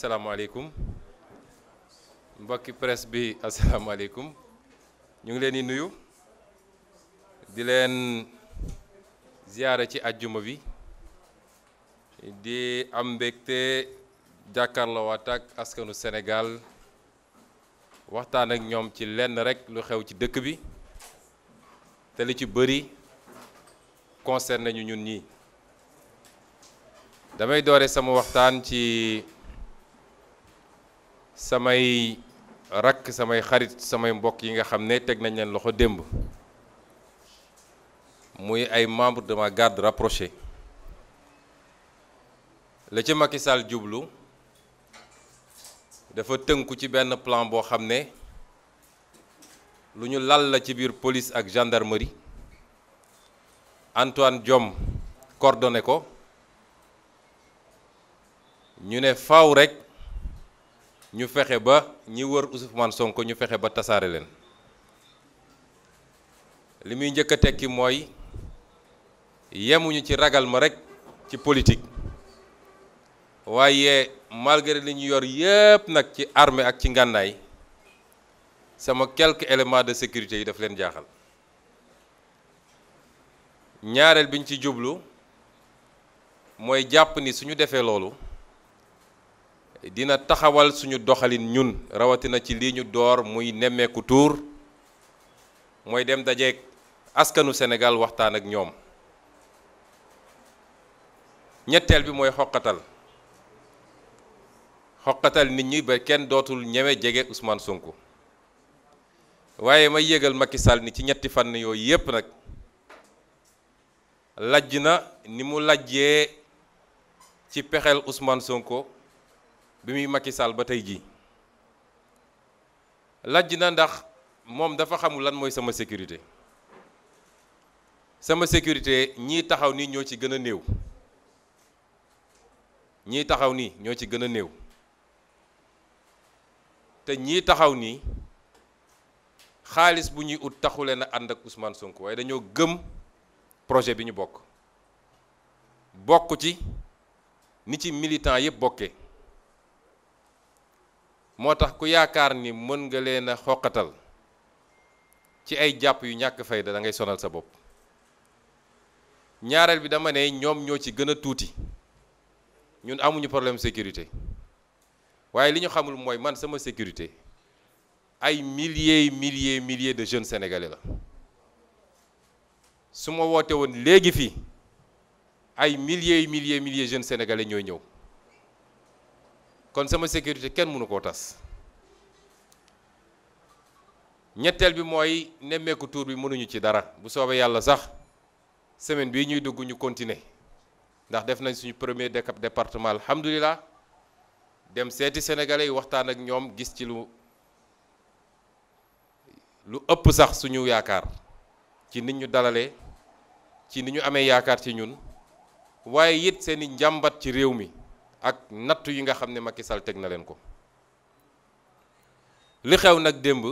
asalaamaaleykum mbokki presse bi asalaamaaleykum ñu ngi leen di nuyu di leen ziyaara ci ajjuma bi di am mbégte jàkkaarloowaat ak askanu senegaal waxtaan ak ñoom ci lenn rekk lu xew ci dëkk bi te lu ci bari concerné ñu ñun ñi damay doore sama waxtaan ci samay rakk samay xarit samay mbokk yi nga xam ne teg nañ leen loxo démb muy ay membre de ma garde rapprochée la ci Macky Sall jublu dafa tënku ci benn plan boo xam ne lu ñu lal la ci biir police ak gendarmerie Antoine Diome coordonné ko ñu ne faw rekk ñu fexe ba ñi wër Ousmane Sonko ñu fexe ba tasaare leen li muy njëkk a tekki mooy yemuñu ci ragal ma rekk ci politique waaye malgré li ñu yor yépp nag ci armée ak ci ngànnaay sama quelques éléments de sécurité yi daf leen jaaxal ñaareel biñ ci jublu mooy jàpp ni suñu defee loolu dina taxawal suñu doxalin ñun rawatina ci lii ñu door muy nemmeeku tuur mooy dem dajeek askanu senegal waxtaan ak ñoom ñetteel bi mooy xoqatal xoqatal nit ñi ba kenn dootul ñeme jege usmaan Sonko waaye may yëgal Macky Sall ni ci ñetti fànn yooyu yépp nag lajj na ni mu lajjee ci pexeel usmaan Sonko bi muy Macky ba tey jii lajj na ndax moom dafa xamul lan mooy sama sécurité sama sécurité ñii taxaw nii ñoo ci gën a néew ñii taxaw nii ñoo ci gën a néew te ñii taxaw nii xaalis bu ñuy ut taxu leen a ànd ak Ousmane Sonko waaye dañoo gëm projet bi ñu bokk bokk ci ni ci militant yëpp bokkee moo tax ku yaakaar ni mën nga leen a xoqatal ci ay jàpp yu ñàkk fayda da ngay sonal sa bopp ñaareel bi dama ne ñoom ñoo ci gën a tuuti ñun amuñu problème sécurité waaye li ñu xamul mooy man sama sécurité ay milliers milliers milliers de jeunes sénégalais la su ma woote woon léegi fii ay milliers milliers milliers jeunes sénégalais ñooy ñëw kon sama sécurité kenn mënu koo tas ñetteel bi mooy nemmeeku tuur bi mënuñu ci dara bu soobee yàlla sax semaine bi ñuy dugg ñu continuer ndax def nañ suñu premier décap département alhamdulilah dem seeti sénégalais yi waxtaan ak ñoom gis ci lu lu ëpp sax suñu yaakaar ci nit ñu dalalee ci ni ñu amee yaakaar ci ñun waaye it seeni njàmbat ci réew mi ak nattu yi nga xam ne Macky Sall teg na leen ko li xew nag démb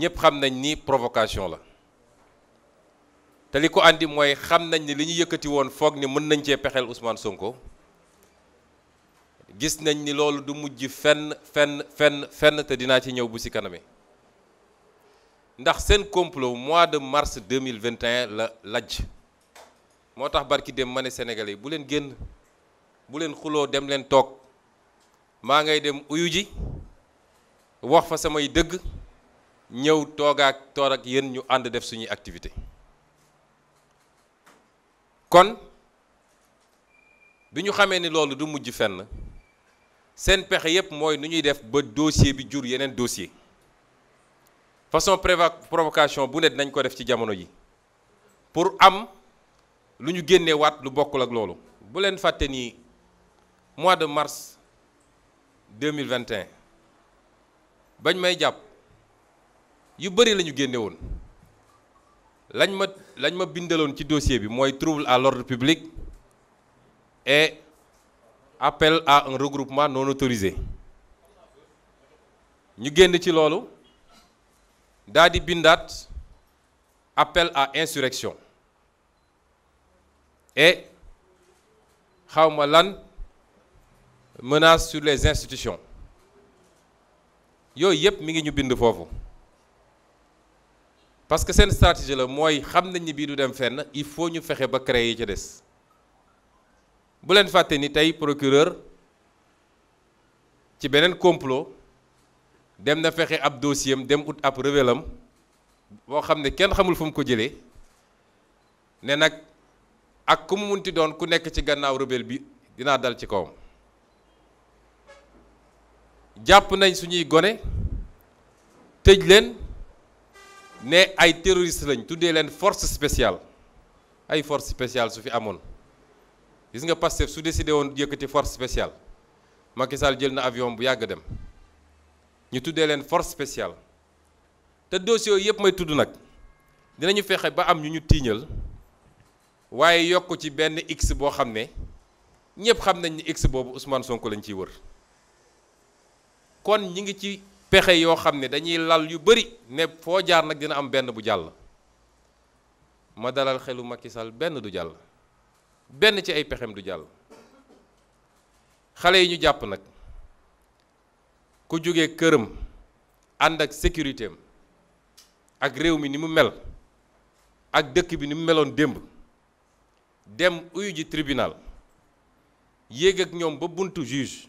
ñëpp xam nañ ni provocation la te li ko andi mooy xam nañ ni li ñu yëkkati woon foog ni mën nañ cee pexeel Ousmane Sonko gis nañ ni loolu du mujj fenn fenn fenn fenn te dinaa ci ñëw bu si kaname ndax seen complot mois de mars 2021 la lajj moo tax barki dem ma ne Sénégalais bu leen génn buleen leen xuloo dem leen toog maa ngay dem uyu ji wax fa samay dëgg ñëw toogaak toog ak yéen ñu ànd def suñuy activité kon bi ñu xamee ni loolu du mujj fenn seen pexe yépp mooy nu ñuy def ba dossier bi jur yeneen dossier façon préva provocation bu ne dinañ ko def ci jamono yi pour am lu ñu génneewaat lu bokkul ak loolu bu fàtte nii mois de mars 2021 bañ may jàpp yu bëri la ñu génne woon lañ ma lañ ma bindaloon ci dossier bi mooy trouble à l'ordre public et appel à un regroupement non autorisé ñu génn ci loolu daldi bindaat appel à insurrection et xawma lan menace sur les institutions yooyu yëpp mi ngi ñu bind foofu parce que seen stratégie la mooy xam nañ ni bii du dem fenn il faut ñu fexe ba créer yi ca des bu leen fàtte ni tey procureur ci beneen complot dem na fexe ab dossier am dem ut ab revelam boo xam ne kenn xamul fu mu ko jëlee ne nag ak ku mu munti doon ku nekk ci gannaaw rebelle bi dinaa dal ci kawam. jàpp nañ suñuy gone tëj leen ne ay terroriste lañ tuddee leen force spéciale ay force spéciale su fi amoon gis nga Pastef su décidé woon yëkkati force spéciale Macky Sall jël na avion bu yàgg dem ñu tuddee leen force spéciale te dossier yooyu yëpp may tudd nag dinañu fexe ba am ñu ñu tiiñal waaye yokk ci benn x boo xam ne ñëpp xam nañ ni x boobu Ousmane sonk lañ ciy wër. kon ñi ngi ci pexe yoo xam ne dañuy lal yu bëri ne foo jaar nag dina am benn bu jàll ma dalal xelu Macky Sall benn du jàll benn ci ay pexem du jàll xale yi ñu jàpp nag ku jóge këram ànd ak sécurité am ak réew mi ni mu mel ak dëkk bi ni mu meloon démb dem uyu ji tribunal yéeg ak ñoom ba buntu juge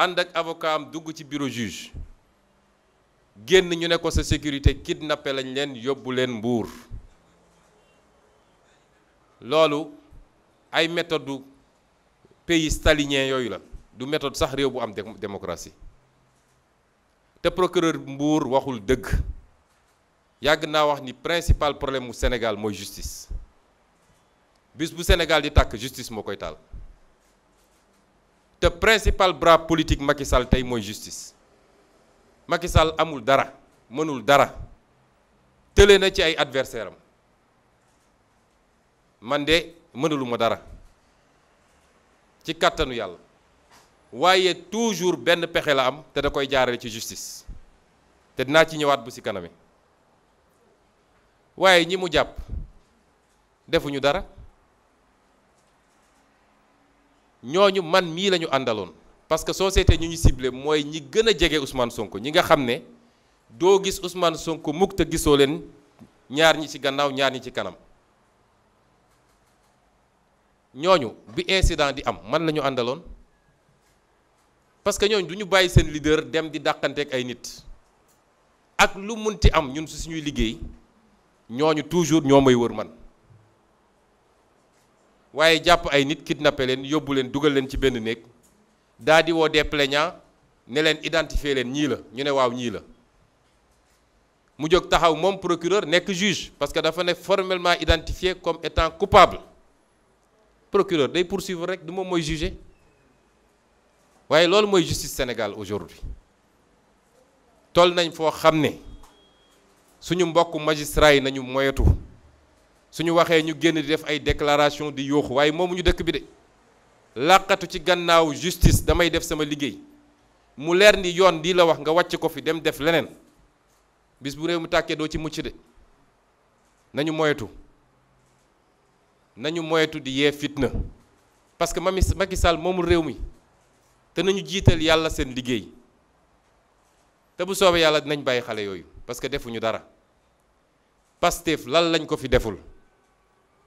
ànd ak avocat am dugg ci bureau juge génn ñu ne ko sa sécurité kidnappé lañ leen yóbbu leen mbuur loolu ay méthode du pays yooyu la du méthode sax réew bu am démocratie te procureur mbuur waxul dëgg yàgg naa wax ni principal problème mu Sénégal mooy justice bis bu Sénégal di tàkk justice moo koy taal te principal bras politique Macky Sall tey mooy justice makisal amul dara mënul dara tële na ci ay adversaire am man de mënaluma dara ci kàttanu yàlla waaye toujours benn pexe la am te da koy jaarale ci justice te dinaa ci ñëwaat bu si kaname waaye ñi mu jàpp defuñu dara ñooñu man mii la ñu àndaloon parce que société ñu ñu ciblé mooy ñi gën a jege Ousmane Sonko ñi nga xam ne doo gis Ousmane Sonko mukk te gisoo leen ñaar ñi ci gannaaw ñaar ñi ci kanam ñooñu bi incident di am man la ñu àndaloon parce que ñooñu du ñu bàyyi seen leader dem di dàqanteek ay nit ak lu munti am ñun si suñuy liggéey ñooñu toujours ñoo may wër man waaye jàpp ay nit kidnappé leen yóbbu leen dugal leen ci benn néeg daa di woo des plaignants ne leen identifier leen ñii la ñu ne waaw ñii la mu jóg taxaw moom procureur nekk juge parce que dafa ne formellement identifié comme étant coupable procureur day poursuivre rek du moom mooy juger waaye loolu mooy justice Sénégal aujourd'hui toll nañ foo xam ne suñu mbokk magistrat yi nañu moyetu suñu waxee ñu génn di def ay déclaration di yooxu waaye moomu ñu dëkk bi de làqatu ci gannaaw justice damay def sama liggéey mu leer ni yoon lii la wax nga wàcc ko fi dem def leneen bis bu réew mu tàkkee doo ci mucc de nañu moyetu nañu moyetu di yee fitna parce que mami Macky Sall moomul réew mi te nañu jiital yàlla seen liggéey te bu soobee yàlla dinañ bàyyi xale yooyu parce que defuñu dara Pastef lan lañ ko fi deful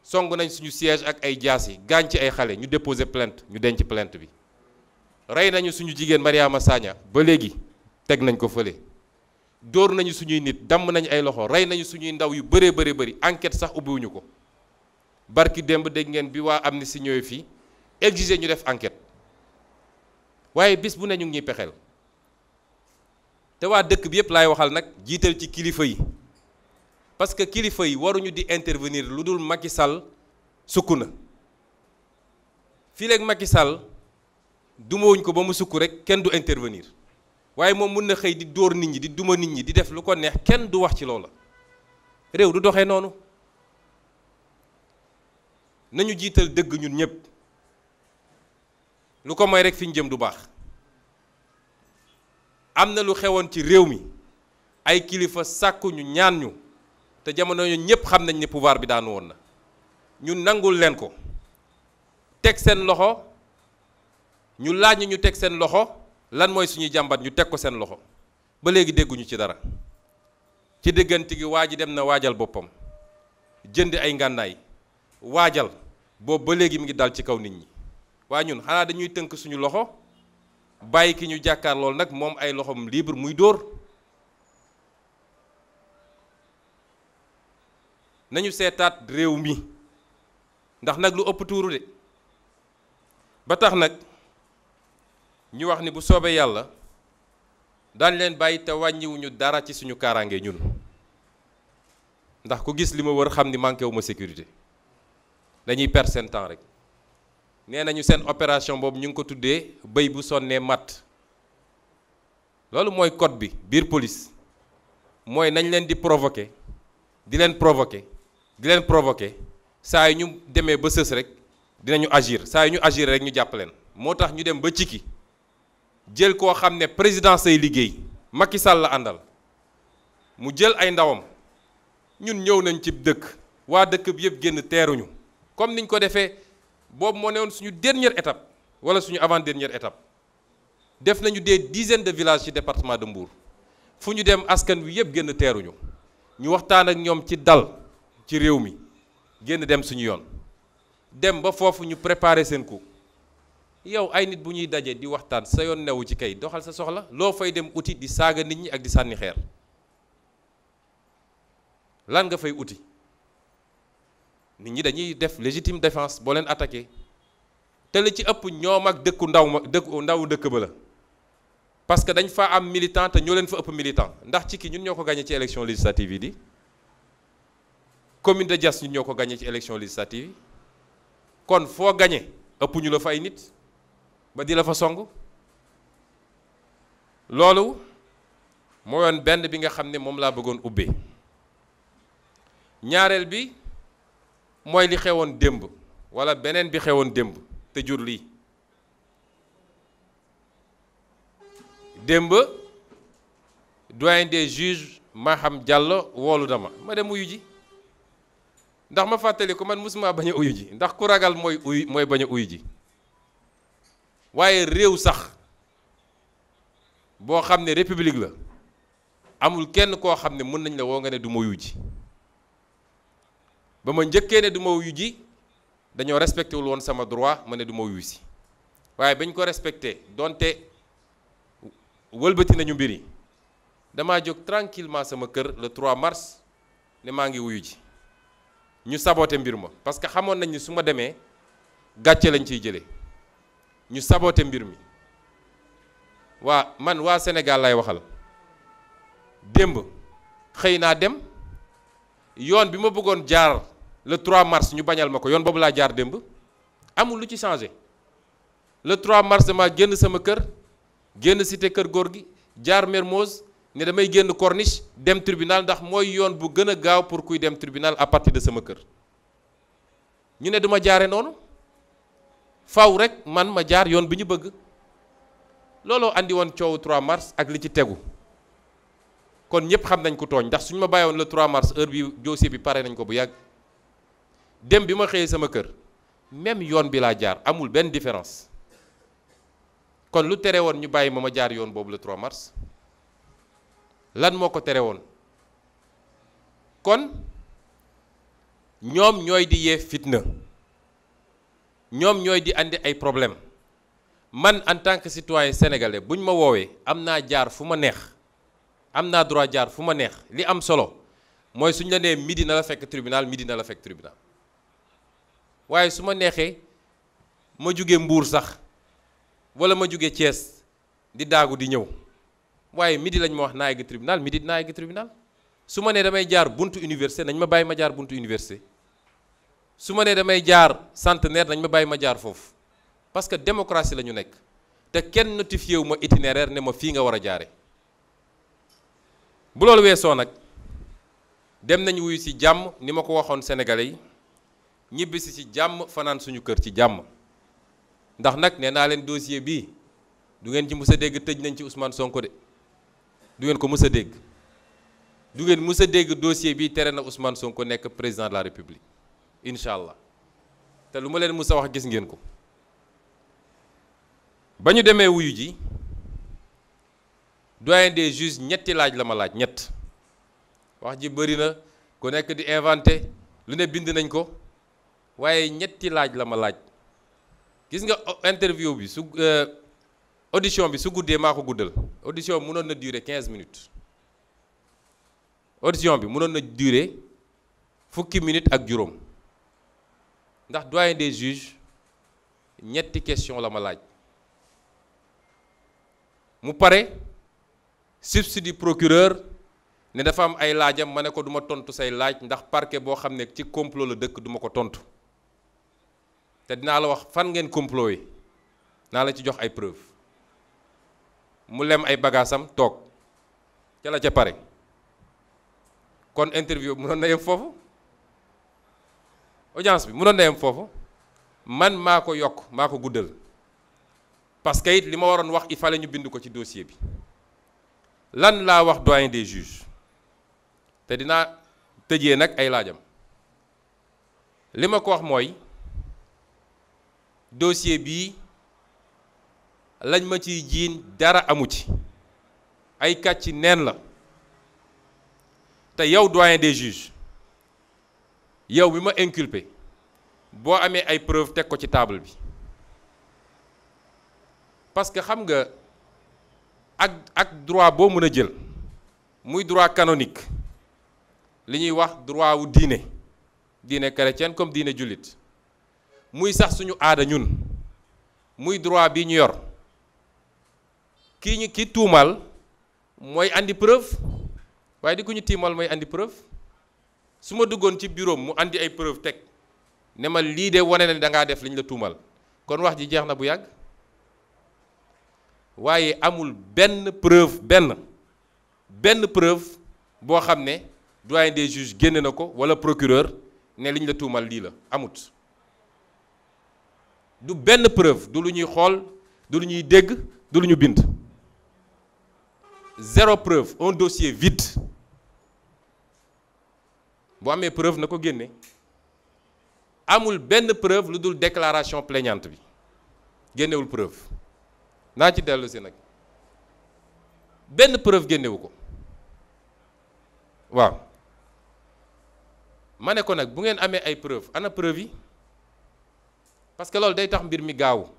song nañ suñu siège ak ay jaas yi gaañ ci ay xale ñu déposé plainte ñu denc plainte bi rey nañu suñu jigéen Mariama Sagna ba léegi teg nañ ko fële dóor nañu suñuy nit damm nañu ay loxo rey nañu suñuy ndaw yu bëree bëri bëri enquête sax ubbiwuñu ko barki démb dégg ngeen bi waa am Amnesty ñëwee fii exiger ñu def enquête waaye bis bu ne ñu ngi pexeel te waa dëkk bi yëpp laay waxal nag jiital ci kilifa yi. parce que kilifa yi waruñu di intervenir lu dul Macky Sall sukk na fii léegi Macky Sall dumawuñ ko ba mu sukk rek kenn du intervenir waaye moom mun na xëy di dóor nit ñi di duma nit ñi di def lu ko neex kenn du wax ci loola réew du doxee noonu nañu jiital dëgg ñun ñëpp lu ko mooy rek fi ñu jëm du baax am na lu xewoon ci réew mi ay kilifa sàkkuñu ñu ñaan ñu te jamono ñu ñëpp xam nañ ne pouvoir bi daanu woon na ñu nangul leen ko teg seen loxo ñu laaj ñu teg seen loxo lan mooy suñu jàmbat ñu teg ko seen loxo ba léegi dégguñu ci dara ci diggante gi waa ji dem na waajal boppam jënd ay ngànnaay waajal boobu ba léegi mu ngi dal ci kaw nit ñi waa ñun xanaa dañuy tënk suñu loxo bàyyi ki ñu jàkkaar lool nag moom ay loxom libre muy dóor nañu seetaat réew mi ndax nag lu ëpp tuuru de ba tax nag ñu wax ni bu soobee yàlla daañ leen bàyyi te wàññiwuñu dara ci suñu kaaraange ñun ndax ku gis li ma wër xam ni manqué wu ma sécurité dañuy perdre seen temps rek nee nañu seen opération boobu ñu ngi ko tuddee béy bu sonnee matt loolu mooy code bi biir police mooy nañ leen di provoquer di leen provoquer di leen provoquer saa yu ñu demee ba sës rek dinañu agir saa yu ñu agir rek ñu jàpp leen moo tax ñu dem ba ci ki jël koo xam ne président say liggéey Macky Sall la àndal mu jël ay ndawam ñun ñëw nañ ci dëkk waa dëkk bi yëpp génn teeru ñu comme niñ ko defee boobu moo newoon suñu dernière étape wala suñu avant dernière étape def nañu des dizaines de villages ci département de Mbour fu ñu dem askan wi yëpp génn teeru ñu ñu waxtaan ak ñoom ci dal ci réew mi génn dem suñu yoon dem ba foofu ñu préparer seen coup yow ay nit bu ñuy dajee di waxtaan sa yoon newu ci kay doxal sa soxla loo fay dem uti di saaga nit ñi ak di sànni xeer lan nga fay uti nit ñi dañuy def légitime défense boo leen attaqué te li ci ëpp ñoom ak dëkku ndaw ma dëkku ndaw dëkk ba la parce que dañ fa am militant te ñoo leen fa ëpp militant ndax ci ki ñun ñoo ko gagné ci élection législative yi di commune de Diass ñun ñoo ko gagné ci élection législative yi kon foo gañe ëpp ñu la fa ay nit ba dina fa song loolu mooyoon benn bi nga xam ne moom laa bëggoon ubbee ñaareel bi mooy li xewoon démb walla beneen bi xewoon démb te jur lii démb doyen des juges Maham Diallo woolu dama ma dem wuyu ji ndax ma fàttali ko man mosuma bañ a uyu ji ndax ku ragal mooy uyu mooy bañ a uyu ji waaye réew sax boo xam ne république la amul kenn koo xam ne mën nañ la woo nga ne du ma uyu ji ba ma njëkkee ne du ma uyu ji dañoo respecté wul woon sama droit ma ne du ma uyu si waaye bañ ko respecté donte wëlbati nañu mbir yi damaa jóg tranquillement sama kër le 3 mars ne maa ngi wuyu ji ñu saboté mbir ma parce que xamoon nañ ni su ma demee gàcce lañ ciy jëlee ñu saboote mbir mi waa man waa Sénégal lay waxal démb xëy naa dem yoon bi ma bëggoon jaar le trois mars ñu bañal ma ko yoon boobu laa jaar démb amul lu ci changé le trois mars dama génn sama kër génn cité kër góor gi jaar Mermoz ne damay génn corniche dem tribunal ndax mooy yoon bu gën a gaaw pour kuy dem tribunal à partir de sama kër ñu ne duma jaare noonu faw rek man ma jaar yoon bi ñu bëgg looloo indi woon coow 3 mars ak li ci tegu kon ñëpp xam nañ ko tooñ ndax suñu ma bàyyi woon le 3 mars heure bi dossier bi pare nañ ko bu yàgg dem bi ma xëyee sama kër même yoon bi laa jaar amul benn différence kon lu tere woon ñu bàyyi ma ma jaar yoon boobu le trois mars lan moo ko tere woon kon ñoom ñooy di yee fitna ñoom ñooy di andi ay problème man en tant que citoyen bu ñu ma woowee am naa jaar fu ma neex am naa droit jaar fu ma neex li am solo mooy suñ la nee midi na la fekk tribunal midi na la fekk tribunal waaye su ma neexee ma jóge Mbuur sax walla ma jóge Thiès di daagu di ñëw waaye midi lañ ma wax naa yegg tribunal midi naa yegg tribunal su ma nee damay jaar buntu université nañ ma bàyyi ma jaar buntu université su ma nee damay jaar centenaire nañ ma bàyyi ma jaar foofu parce que démocratie la ñu nekk te kenn notifié wu ma itinéraire ne ma fii nga war a jaare bu loolu weesoo nag dem nañu wuyu ci jàmm ni ma ko waxoon sénégalais yi ñibbisi ci jàmm fanaan suñu kër ci jàmm ndax nag nee naa leen dossier bii du ngeen ci musa a dégg tëj nañ ci Ousmane Sonko de du ngeen ko mës a dégg du ngeen mës a dégg dossier bi tere na Ousmane Sonko nekk président de la République incha allah te lu ma leen mës sa wax gis ngeen ko ba ñu demee wuyu ji doyen des juges ñetti laaj la ma laaj ñett wax ji bëri na ku nekk di inventé lu ne bind nañ ko waaye ñetti laaj la ma laaj gis nga interview bi su euh, audition bi su guddee maa ko guddal audition bi mënoon na durer 15 minutes audition bi mënoon na durer fukki minutes ak juróom ndax doyen des juges ñetti question la ma laaj mu pare substitut procureur ne dafa am ay laajam ma ne ko duma tontu say laaj ndax parke boo xam ne ci complot la dëkk duma ko tontu te dinaa la wax fan ngeen complot yi naa la ci jox ay preuve mu lem ay bagaasam toog ca la ca pare kon interview munoon na yem foofu audience bi munoon na yem foofu man maa ko yokk maa ko guddal parce que it li ma waroon wax i fallait ñu bind ko ci dossier bi lan laa wax doyen des juges te dinaa tëjee nag ay laajam li ma ko wax mooy dossier bii lañ ma ci jiin dara amu ci ay kàcc neen la te yow doyen des juges yow bi ma inculpé boo amee ay preuve teg ko ci table bi parce que xam nga ak ak droit boo mën a jël muy droit canonique li ñuy wax droit wu diine diine chrétienne comme diine jullit muy sax suñu aada ñun muy droit bi ñu yor kii ñu ki tuumaal mooy indi preuve waaye di ku ñu tiimal mooy indi preuve su ma duggoon ci biroom mu indi ay preuve teg ne lii de wane la da ngaa def liñ la tuumal kon wax ji jeex na bu yàgg waaye amul benn preuve benn benn preuve boo xam ne doyen des juges génne na ko walla procureur ne liñ la tuumal lii la amut du benn preuve du lu ñuy xool du lu ñuy dégg du lu ñu bind zéro preuve un dossier vide bu amee preuve na ko génne amul benn preuve lu dul déclaration plaignante bi génnewul preuve naa ci dellu nag benn preuve génnewu ko waaw ma ne ko nag bu ngeen amee ay preuve ana preuve yi parce que loolu day tax mbir mi gaaw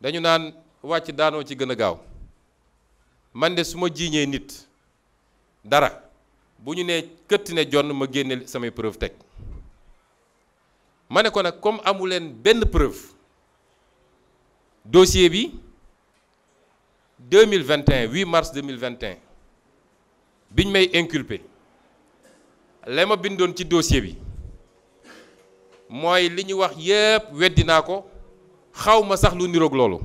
dañu naan wàcc daanoo ci gën a gaaw man de su ma jiiñee nit dara bu ñu nee këtt ne jonn ma génne samay preuve teg ma ne ko nag comme amu leen benn preuve dossier bi vingt 2021 8 mars 2021 biñ may inculpé la ma bindoon ci dossier bi mooy li ñu wax yépp weddi naa ko xaw ma sax lu niroog loolu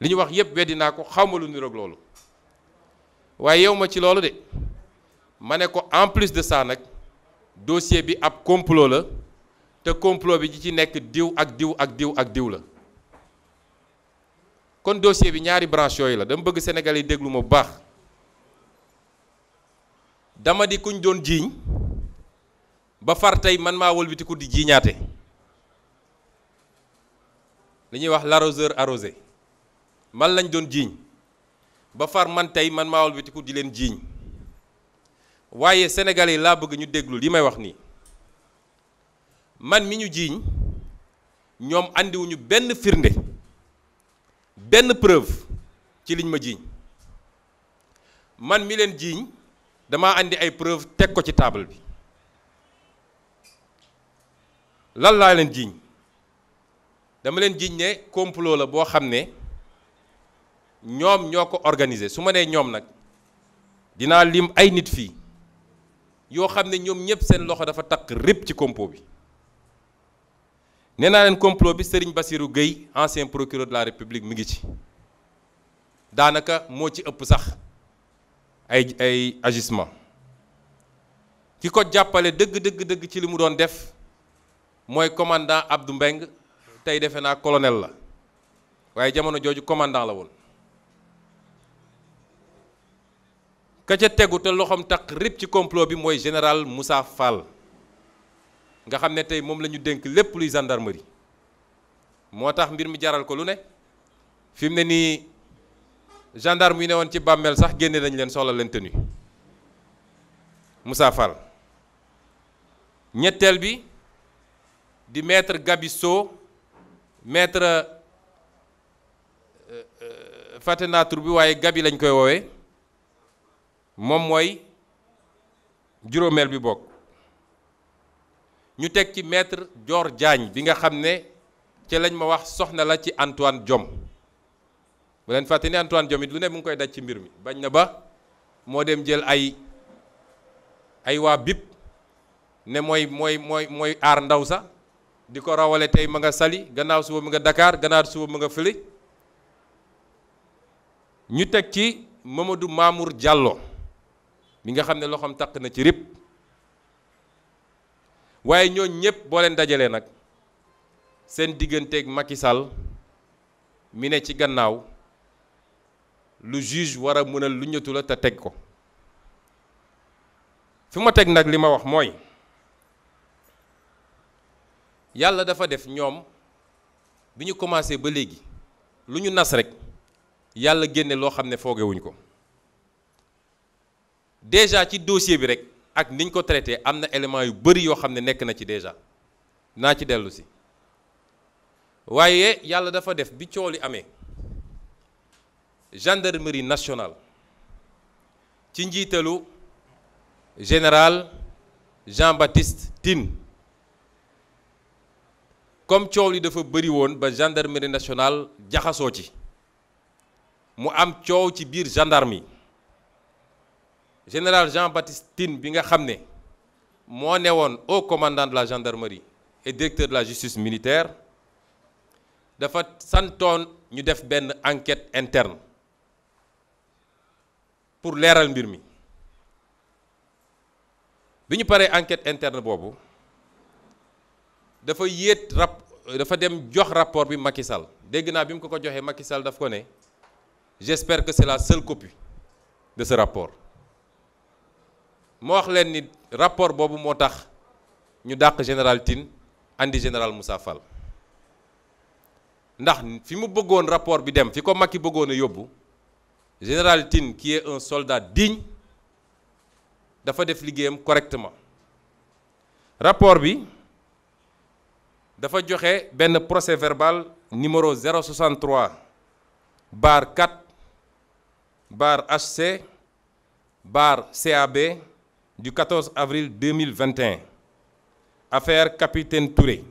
li ñu wax yépp weddi naa ko xaw ma lu niroog loolu waaye yow ma ci loolu de ma ne ko en plus de ça nag dossier bi ab complot la te complot bi ji ci nekk diw ak diw ak diw ak diw la kon dossier bi ñaari branche yooyu la dama bëgg Sénégalais yi déglu ma bu baax dama di kuñ doon jiiñ ba far tey man maa wëlbatiku di jiiñaate li ñuy wax l'arroseur arrosé man lañ doon jiiñ ba far man tey man maawal bitiku di leen jiiñ waaye sénégalais yi laa bëgg ñu déglu li may wax nii man mi ñu jiiñ ñoom indiwuñu benn firnde benn preuve ci liñ ma jiiñ man mi leen jiiñ dama indi ay preuve teg ko ci taabal bi lan laa leen jiiñ dama leen jiiñ ne complot la boo xam ne ñoom ñoo ko organiser su ma nee ñoom nag dinaa lim ay nit fii yoo xam ne ñoom ñëpp seen loxo dafa takk rëpp ci complot bi nee naa leen complot bi Serigne Bassirou Gueye ancien procureur de la République mu ngi ci daanaka moo ci ëpp sax ay ay agissement ki ko jàppale dëgg dëgg dëgg ci li mu doon def mooy commandant Abdou Mbeng tey defe naa colonel la waaye jamono jooju commandant la woon ka ca tegu te loxoom taq rip ci complot bi mooy général Moussa Fall nga xam ne tey moom lañu dénk lépp luy gendarmerie moo tax mbir mi jaral ko lu ne fi mu ne nii gendarme yi ne woon ci bàmmeel sax génne nañ leen soxla leen tenue Moussa Fall ñetteel bi di maître Gabisso maître euh, euh, fàtte naa tur bi waaye Gabi lañ koy woowee moom mooy juróomeel bi bokk ñu teg ci maître joor Diagne bi nga xam ne ca lañ ma wax soxna la ci Antoine Diome bu leen fàtte ni Antoine Diome it lu ne mu ngi koy daj ci mbir mi bañ na ba moo dem jël ay ay waa bip ne mooy mooy mooy mooy aar ndaw sax di ko rawale tey ma nga Saly gannaaw suba mu nga dakaar gannaaw suba mu nga fële ñu teg ci Mamadou Mamour jàlloo mi nga xam ne loxoom taq na ci rib waaye ñooñ ñëpp boo leen dajalee nag seen digganteeg Macky Sall mi ne ci gannaaw lu juge war a mënal lu ñëtu la te teg ko fi ma teg nag li ma wax mooy yàlla dafa def ñoom bi ñu commencé ba léegi lu ñu nas rek yàlla génne loo xam ne foogewuñ ko déjà ci dossier bi rek ak niñ ko traité am na élément yu bëri yoo xam ne nekk na ci déjà naa ci dellu si waaye yàlla dafa def bi coow li amee gendarmerie nationale ci njiitalu général Jean-Baptiste Tine comme coow li dafa bëri woon ba gendarmerie nationale jaxasoo ci mu am coow ci biir gendarme général jean batiste Tine bi nga xam ne moo woon haut commandant de la gendarmerie et directeur de la justice militaire dafa santoon ñu def benn enquête interne pour leeral mbir mi bi ñu paree enquête interne boobu dafa yéet rap dafa dem jox rapport bi Macky dégg naa bi mu ko ko joxee Macky Sall daf ko ne j'espère que c'est la seule copie de ce rapport moo wax leen ni rapport boobu moo tax ñu dàq général Tine andi général Moussa Fall ndax fi mu bëggoon rapport bi dem fi ko Macky bëggoon a yóbbu général Tine qui un soldat digne dafa def liggéeyam correctement rapport bi dafa joxe benn procès verbal numéro 063 bar 4 bar HC bar CAB du 14 avril 2021, affaire Capitaine Touré,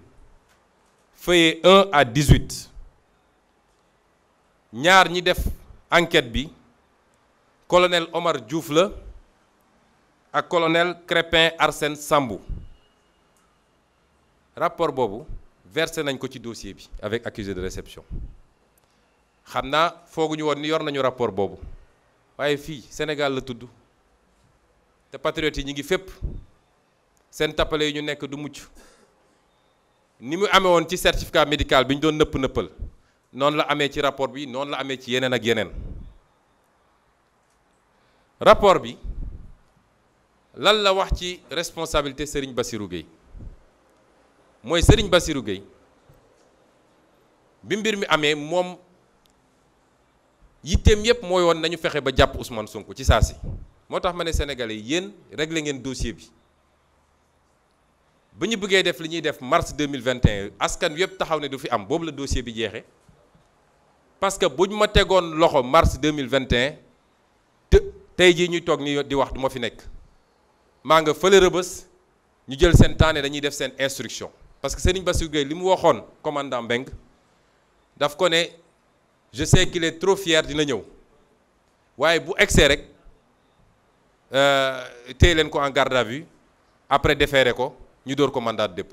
feuillet 1 à 18. ñaar ñi def enquête bi colonel Omar Diouf la ak colonel Crépin Arsène Sambou rapport boobu versé nañ ko ci dossier bi avec accusé de réception xam naa fooguñu woon ni yor nañu rapport boobu waaye fii Sénégal la tudd te patriotes yi ñu ngi fépp seen tappale yi ñu nekk du mucc ni mu amee woon ci certificat médical bi ñu doon nëpp nëppal noonu la amee ci rapport bi noonu la amee ci yeneen ak yeneen rapport bi lan la wax ci responsabilité Serigne Bassirou Gueye mooy sëriñ Bassirou Gueye bi mbir mi amee moom yitteem yépp mooy woon nañu fexe ba jàpp Ousmane Sonko ci saa si moo tax ma ne sénégal sénégalais yéen réglé ngeen dossier bi ba ñu bëggee def li ñuy def mars 2021 askan yëpp taxaw ne du fi am boobu la dossier bi jeexe parce que ñu ma tegoon loxo mars 2021 te tey jii ñuy toog ni di wax du ma fi nekk maa nga fële rëbës ñu jël seen temps dañuy def seen instruction parce que Serigne Bassirou Gueye li mu waxoon commandant Mbeng daf ko ne je sais qu'il dina ñëw waaye bu egsee rek Euh, téye leen ko en garde à vue après déféré ko ñu dóor ko mandat de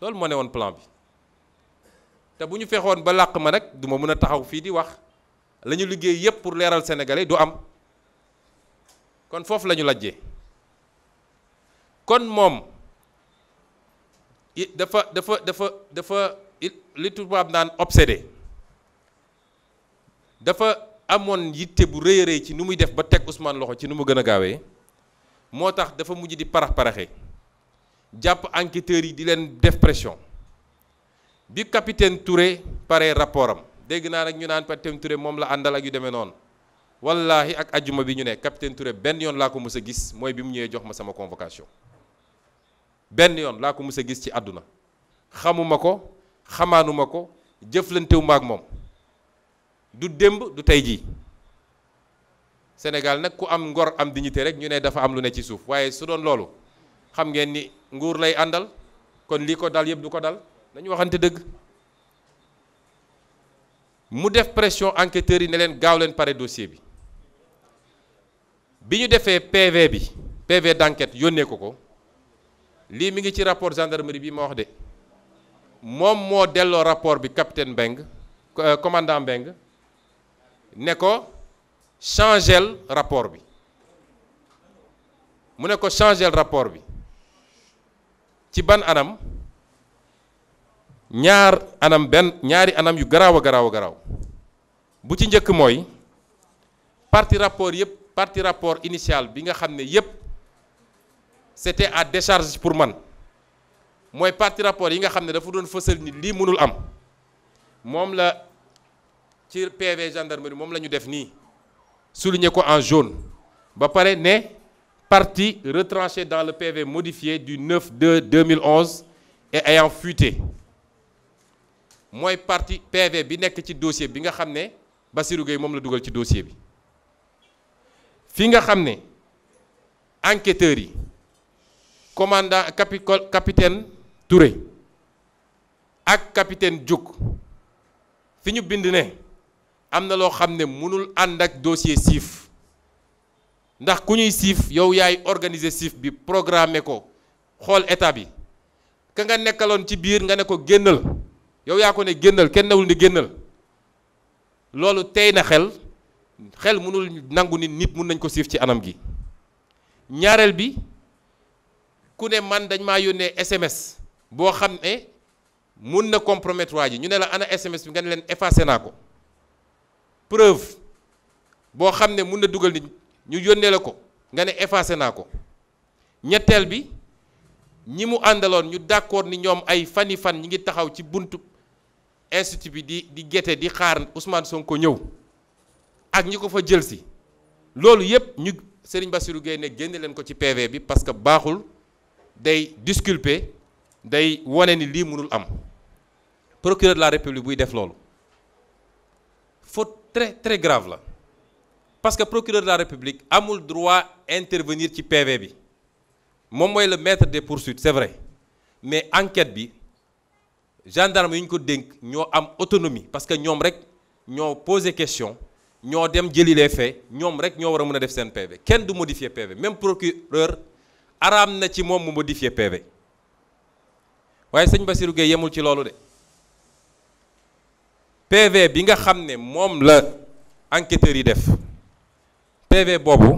loolu moo ne woon plan bi te bu ñu fexoon ba làq ma nag duma ma mën a taxaw fii di wax la ñu liggéey yépp pour leeral sénégalais du am kon foofu la ñu lajjee kon moom dafa dafa dafa dafa li tubaab naan obsédé dafa amoon yitte bu rëy a rëy ci ni muy def ba teg Ousmane loxo ci nu mu gën a gaawee moo tax dafa mujj di parax paraxe jàpp enquêteurs yi di leen def pression bi capitaine Touré paree rapport am dégg naa nag ñu naan capitaine Touré moom la àndal ak yu demee noonu wallaahi ak ajjuma bi ñu ne capitaine Touré benn yoon laa ko mës a gis mooy bi mu ñëwee jox ma sama convocation benn yoon laa ko mës a gis ci àdduna xamuma ko xamaanuma ko jëflantewuma ak moom. du démb du tey jii Sénégal nag ku am ngor am dignité rek ñu ne dafa am lu ne ci suuf waaye su doon loolu xam ngeen ni nguur lay àndal kon lii ko dal yëpp du ko dal nañu waxante dëgg mu def pression enquêteurs yi ne leen gaaw leen pare dossier bi bi ñu defee PV bi PV d'enquête yónnee ko ko lii mu ngi ci rapport gendarmerie bi ma wax de moom moo delloo rapport bi capitaine Mbengue euh, commandant Mbengue ne ko changel rapport bi mu ne ko changel rapport bi ci ban anam ñaar anam benn ñaari anam yu garaaw a garaaw garaaw bu ci njëkk mooy parti rapport yëpp parti rapport initial bi nga xam ne yëpp c'était à décharge pour man mooy parti rapport yi nga xam ne dafa doon fësal lii mënul am moom la ci PV gendarmerie moom la ñu def nii souligner ko en jaune ba pare ne parti retranchée dans le PV modifié du 9 mille 2011 et ayant fuité mooy parti PV bi nekk ci dossier bi nga xam ne Bassirou Gueye moom la dugal ci dossier bi fi nga xam ne enquêteurs yi commandant capi capitaine Touré ak capitaine Diouk fi ñu bind ne. am na loo xam ne mënul ànd ak dossier siif ndax ku ñuy siif yow yaay organiser siif bi programmer ko xool état bi ka nga nekkaloon ci biir nga ne ko génnal yow yaa ko ne génnal kenn newul ni génnal loolu tey na xel xel mënul nangu ni nit mun nañ ko siif ci anam gi ñaareel bi ku ne man dañ maa yónnee SMS boo xam ne mun na compromettre waa ji ñu ne la ana SMS bi nga ne leen effacé naa ko preuve boo xam ne mun na dugal nit ñu yónnee la ko nga ne effacé naa ko ñetteel bi ñi mu àndaloon ñu d'accord ni ñoom ay fani fan ñi ngi taxaw ci buntu institut bi di di géte di xaar Ousmane Sonko ñëw ak ñi ko fa jël si loolu yépp ñu Serigne Bassirou Gueye ne génne leen ko ci PV bi parce que baaxul day disculpe day wane ni lii mënul am procureur la République buy def loolu très très grave la parce que procureur de la république amul droit intervenir ci PV bi moom mooy le maître des poursuites c'est vrai mais enquête bi gendarme yu ñu ko dénk ñoo am autonomie parce que ñoom rek ñoo posé question ñoo dem jëli les ñoom rek ñoo war a mën a def seen PV kenn du modifier PV même procureur araam na ci moom mu modifier PV waaye sëñ Bassirou Gueye yemul ci loolu de. PV bi nga xam ne moom la enquêteurs yi def PV boobu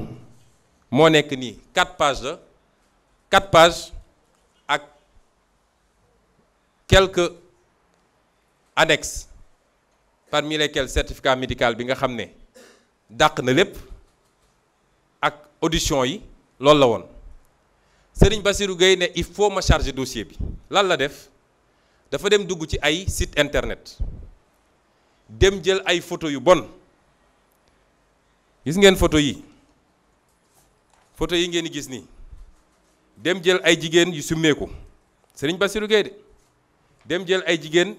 moo nekk nii quat pages la quat pages ak quelque annexes parmi lesquelles certificat médical bi nga xam ne dàq na lépp ak audition yi loolu la woon Serigne Bassirou Gueye ne il faut ma charger dossier bi lan la def dafa dem dugg ci ay site internet dem jël ay foto yu bon gis ngeen foto yi foto yi ngeen gis nii dem jël ay jigéen yu simmeeku Serigne Bassirou Gueye de dem jël ay jigéen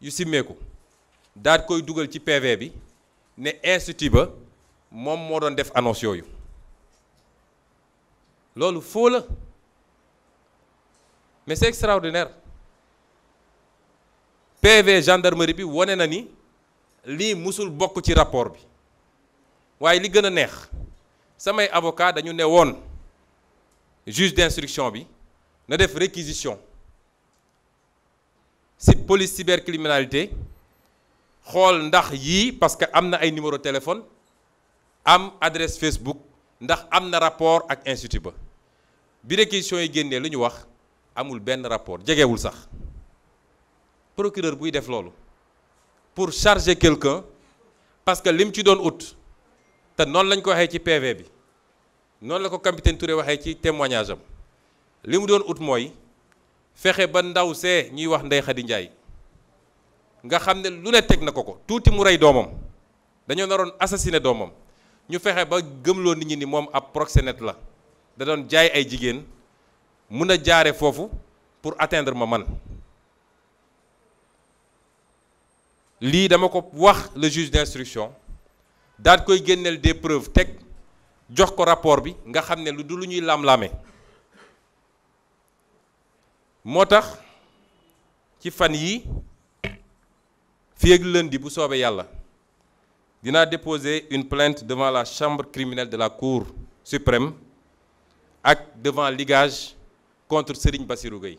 yu simmeeku daat koy dugal ci PV bi ne institut ba moom moo doon def annonce yu loolu faux la mais c'est extraordinaire PV gendarmerie bi wane na ni lii mosul bokk ci rapport bi waaye li gën a neex samay avocat dañu ne woon juge d'instruction bi na def réquisition ci police cybercriminalité xool ndax yii parce que am na ay numéro téléphone am adresse Facebook ndax am na rapport ak institut ba bi réquisition yi génnee lu ñu wax amul benn rapport jegewul sax procureur buy def loolu pour charger quelque parce que lim ci doon ut te noonu lañ ko waxee ci PV bi noonu la ko capitaine Touré waxee ci témoignage am li mu doon ut mooy fexe ba ndaw see ñuy wax Ndeye Khady Ndiaye nga xam ne lu ne teg na ko ko tuuti mu rey doomam dañoo naroon assassiné doomam ñu fexe ba gëmloo nit ñi ni moom ab proxénète la da doon jaay ay jigéen mun a jaare foofu pour atteindre ma man lii dama ko wax le juge d'instruction daal koy génneel de preuves teg jox ko rapport bi nga xam ne lu du lu ñuy lam-lame moo tax ci fan yi fii ak lundi bu soobee yàlla dinaa déposer une plainte devant la chambre criminelle de la cour suprême ak devant ligage contre Serigne Bassirou Gueye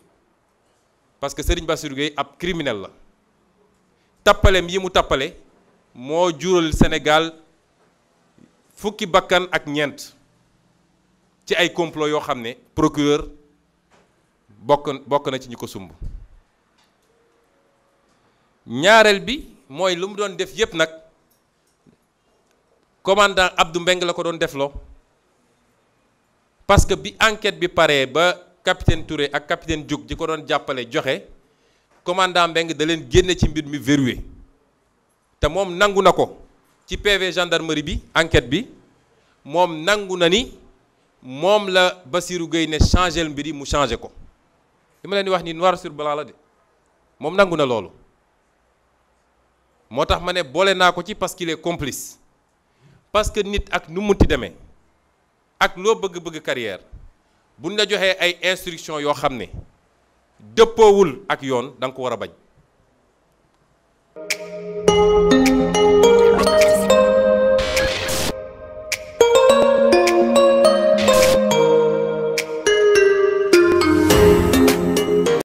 parce que Serigne Bassirou ab criminel la tappaleem yi mu tappale moo jural Sénégal fukki bakkan ak ñeent ci ay complot yoo xam ne procureur bokk bokk na ci ñu ko sumb ñaareel bi mooy lu mu doon def yépp nag commandant Abdou Mbengue la ko doon defloo parce que bi enquête bi paree ba capitaine Touré ak capitaine Diouk di ko doon jàppale joxe commandant Mbengue da leen génne ci mbir mi verrouillé te moom nangu na ko ci PV gendarmerie bi enquête bi moom nangu na ni moom la bassiru Gueye ne changé mbir yi mu changé ko li ma leen di wax ni noir sur blanc la de moom nangu na loolu moo tax ma ne boole naa ko ci parce qu'il est complice parce que nit ak nu munti demee ak loo bëgg-bëgg carrière buñ la joxee ay instructions yoo xam ne dëppoowul ak yoon da nga ko war a bañ